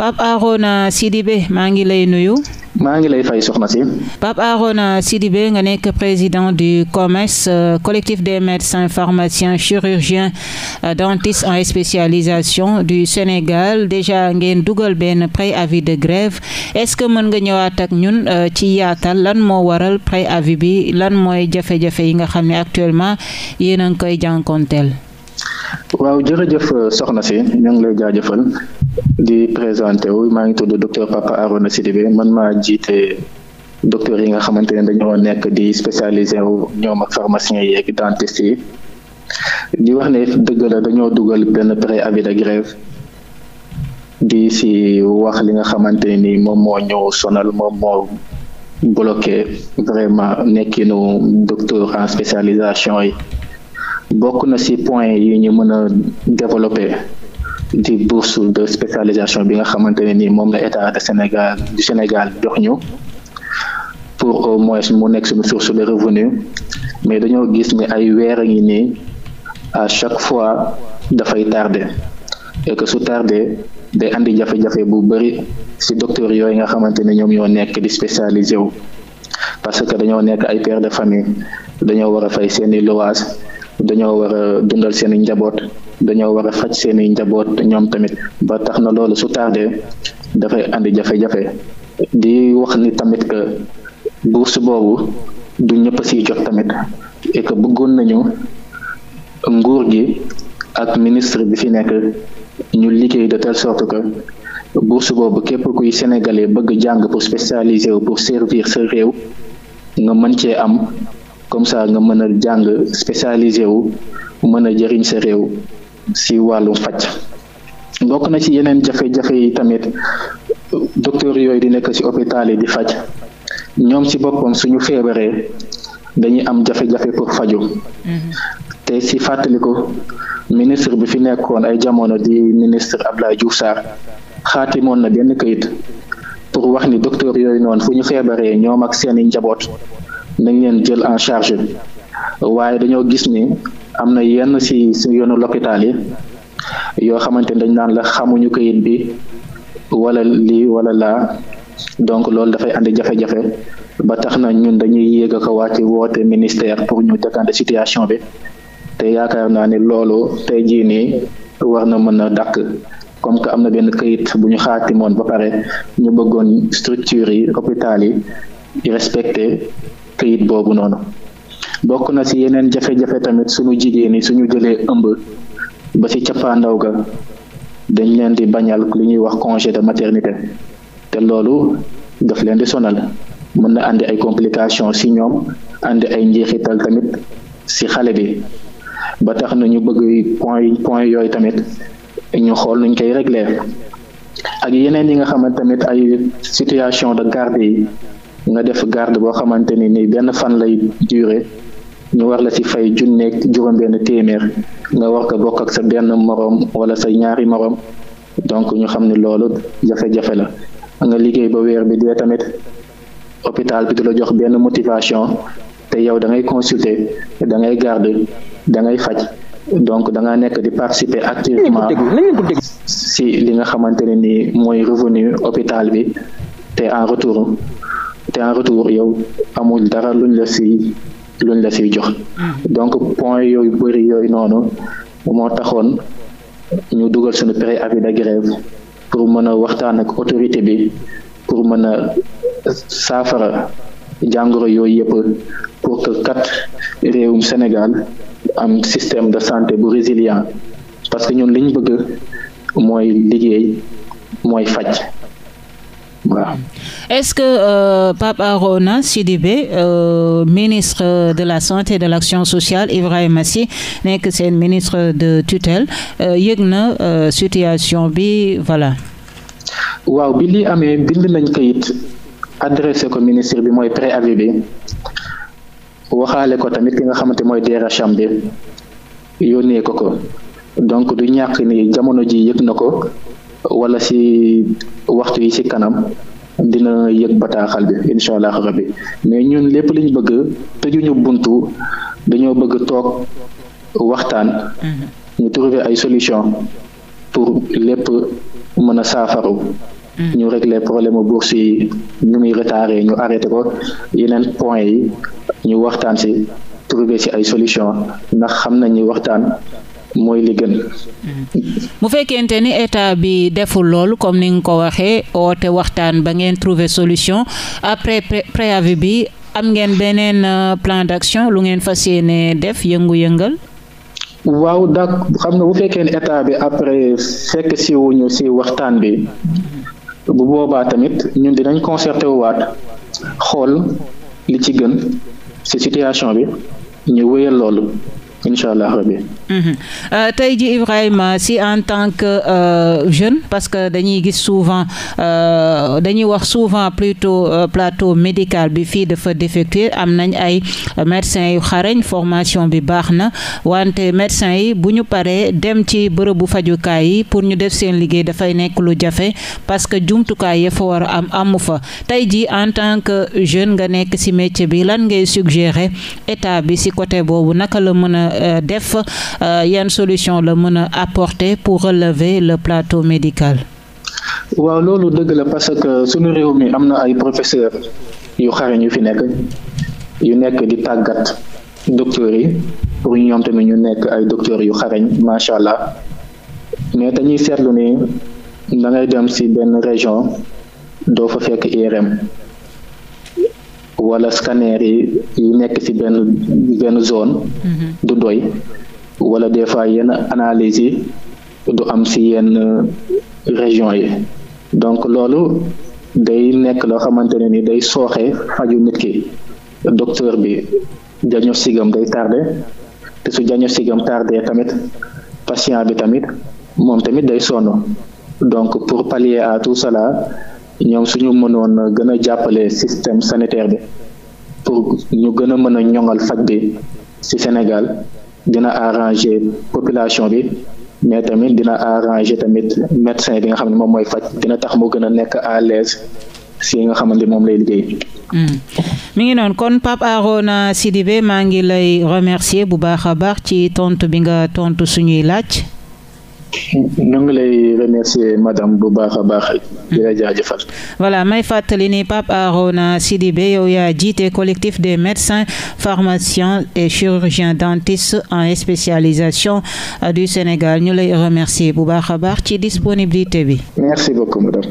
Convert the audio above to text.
Pape Arona Sidibé maa ngi lay nuyu. maa ngi lay fay soxna si. Pape Arona Sidibé nga nekk président du COMES euh, collectif des médecins pharmaciens chirurgiens euh, dentistes en spécialisation du Sénégal déjà ngeen dugal benn préavis de grève est-ce que mën nga ñëwaat ak ñun euh, ci yaatal lan moo waral préavis bi lan mooy jafe-jafe yi nga xam ni actuellement yéen a ngi koy jànkonteel. waaw jërëjëf euh, soxna si ñu ngi lay jaajëfal di présenté wu maa ngi tudd docteur Papa Arona Sidibé man maa jiite docteur yi nga xamante ne dañoo nekk di spécialisé wu ñoom ak pharmacien yi ak dentiste yi di wax ne dëgg dañoo dugal benn préavis de grève di si wax li nga xamante ne ni moom moo ñëw sonal moom moo bloqué vraiment nekkinu docteur en spécialisation yi bokk na ci point yi ñu mën a développer di bourse de spécialisation bi nga xamante ne ni moom la état de Sénégal du Sénégal jox ñu pour au moins mu nekk suñu source de revenu mais dañoo gis ne ay weer a ngi nii à chaque fois dafay tardé et que su tardé day indi jafe-jafe bu bëri ci docteur yooyu nga xamante ne ñoom ñoo nekk di spécialisé wu parce que dañoo nekk ay pères de famille dañoo war a fay seeni lowaas dañoo war dundal seen njaboot dañoo war a faj seen i njaboot ñoom tamit ba tax na loolu su tardé dafay andi jafe-jafe di wax ni tamit que bourse boobu du ñëpp siy jot tamit et bëggoon nañu nguur gi ak ministre bi fi nekk ñu liggéey de telle sorte que bourse boobu képp kuy sénégalais bëgg jàng pour spécialiser wu pour servir sa réew nga mën cee am. comme sa nga mën a jàng spécialisé wu mën a jëriñ sa réew si wàllum faj bokk na ci yeneen jafe-jafe yi tamit docteur yooyu di nekk si hôpital yi di faj ñoom si boppam suñu feebaree dañuy am jafe-jafe pour faju mm-hmm. te si fàttaliku ministre bi fi nekkoon ay jamono di ministre Abdoulaye Diouf Sarr xaatimoon na benn kayit pour wax ni docteur yooyu noonu fu ñu feebaree ñoom ak seeni njaboot na ngeen jël en charge waaye dañoo gis ni am na yenn si si yoonu l'hôpital yi yoo xamante ne dañ naan la xamuñu kayit bi walla lii walla laa donc loolu dafay andi jafe-jafe ba tax na ñun dañuy yéeg a ko ci woote ministère pour ñu décanter situation bi te yaakaar naa ni loolu tey jii nii war na mën na dàkk comme que am na benn kayit bu ñu xaatimoon ba pare ñu bëggoon structure yi hôpital yi respecté kayit boobu noonu bokk na ci yeneen jafe-jafe tamit suñu jigéen yi suñu jëlee ëmb ba ci cappaandaw ga dañ leen di bañal lu ñuy wax congé de maternité te loolu daf leen di sonal mën na àndi ay complication si ñoom àndi ay njeexital tamit ci xale bi ba tax nañu ñu bëgg point point yooyu tamit ñu xool nuñ koy régler ak yeneen yi nga xamante tamit ay situation de garde yi nga def garde boo xamante ni nii benn fan lay durer ñu war la ci fay junneeg juróom-benn téeméer nga war ko bokk ak sa benn moroom wala sa ñaari moroom donc ñu xam ne loolu jafe-jafe la nga liggéey ba weer bi dee tamit hôpital bi du la jox benn motivation te yow da ngay consulter da ngay garde da ngay faj donc da nga nekk di participer activement si li nga xamante ne ni mooy revenu hôpital bi te en retour te retour yow amul dara luñ la si luñ la siy jox donc point yooyu bëri yooyu noonu moo taxoon ñu dugal suñu pré avis de grève pour mën a waxtaan ak autorité bi pour mën a saafara jàngoro yooyu yëpp pour que kat réewum Sénégal am système de santé bu résilient parce que ñun liñ bëgg mooy liggéey mooy faj waaw est-ce que euh, Pape Arona Sidibé euh, ministre de la santé de l'action sociale Ibrahima Sy nekk seen ministre de tutelle euh, yëg na euh, situation bi voilà. waaw bi li amee bind nañ kayit adressé ko ministre bi mooy préavis bi waxaale ko tamit ki nga xamante mooy DRHM bi yónnee ko ko donc du ñàkk ni jamono ji yëg na ko. walla si waxtu yi si kanam dina yëg bataaxal bi incha allah bi mais ñun lépp liñ bëgg tëjuñu buntu dañoo bëgg toog waxtaan mm-hmm. ñu trouver ay solution pour lépp mën a saafaru mm-hmm. ñu régler problème u bourse ñu muy retardé ñu arrêté ko yeneen point yi ñu waxtaan si trouver si ay solution ndax xam nañu waxtaan mooy li gën. bu fekkente ni état bi deful loolu comme ni nga ko waxee oote waxtaan ba ngeen trouver solution après préavis bi am ngeen beneen euh, plan d'action lu ngeen fas yéene def yëngu-yëngal. waaw dak xam nga bu fekkee ne état bi après fekk si wuñu si waxtaan bi bu boobaa tamit ñun dinañ concerté waat xool li ci gën si situation bi ñu wéyal loolu. incha allah rabi. Mhm. Euh, tey ji Ibrahima si en tant que euh, jeune parce que dañuy gis souvent euh, dañuy wax souvent plutôt euh, plateau médical bi fii dafa défectueux am nañ ay médecins yu xarañ formation bi baax na wante médecins yi bu ñu paree dem ci bërëbu fajukaay yi pour ñu def seen liggéey dafay nekk lu jafe parce que jumtukaay ya fa war am amu fa tey ji en tant que jeune nga nekk si métier bi lan ngay suggérer état bi si côté boobu naka la mën a euh, def euh, yan solution la mën a apporter pour relever le plateau médical. waaw loolu dëgg la parce que suñu réew mi am na ay professeur yu xarañ yu fi nekk yu nekk di tàggat docteurs yi pour ñoom tamit ñu nekk ay docteurs yu xarañ macha allah mais dañuy seetlu ni da ngay dem ci benn région doo fa fekk IRM wala scanner yi yi nekk ci benn benn zone. Mhm. du doy wala des fois yenn analyses du am ci yenn région yi donc loolu day nekk loo xamante ne ni day sooxe faju nit ki docteur bi diagnostic am day tardé te su diagnostic am tardé tamit patient bi tamit moom tamit day sonn donc pour pallier à tout cela. ñoom suñu mënoon gën a jàppale système sanitaire bi pour ñu gën a mën a ñoŋal faj bi ci Sénégal dina arrangé population bi mais tamit dina arranger tamit médecin bi nga xam ne moom mooy faj dina tax moo gën a nekk à l'aise si nga xamante moom lay liggéey. Hmm. mi ngi noonu kon Pape Arona Sidibé maa ngi lay remercier bu baax a baax ci tontu bi nga tontu suñuy laaj. ñu ngi lay remercier madame bu baax a baax di la jaajëfal voilà may fàttali ni Pape Arona Sidibé yow yaa jiite collectif des médecins pharmaciens et chirurgiens dentistes en spécialisation euh, du Sénégal ñu lay remercier bu baax a baax ci disponibilité bi merci beaucoup madame